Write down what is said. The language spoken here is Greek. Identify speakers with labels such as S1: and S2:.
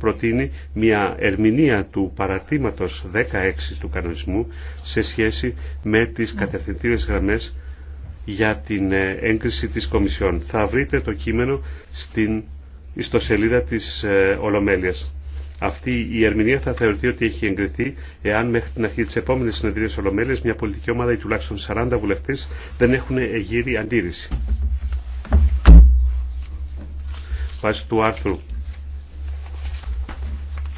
S1: προτείνει μια ερμηνεία του παραρτήματος 16 του κανονισμού σε σχέση με τις ναι. κατευθυντήρες γραμμές για την ε, έγκριση της Κομισιόν. Θα βρείτε το κείμενο στην ιστοσελίδα της ε, Ολομέλειας. Αυτή η ερμηνεία θα θεωρηθεί ότι έχει εγκριθεί εάν μέχρι την αρχή τη επόμενη συνεδρία Ολομέλεια μια πολιτική ομάδα ή τουλάχιστον 40 βουλευτέ δεν έχουν εγείρει αντίρρηση. Βάσει του άρθρου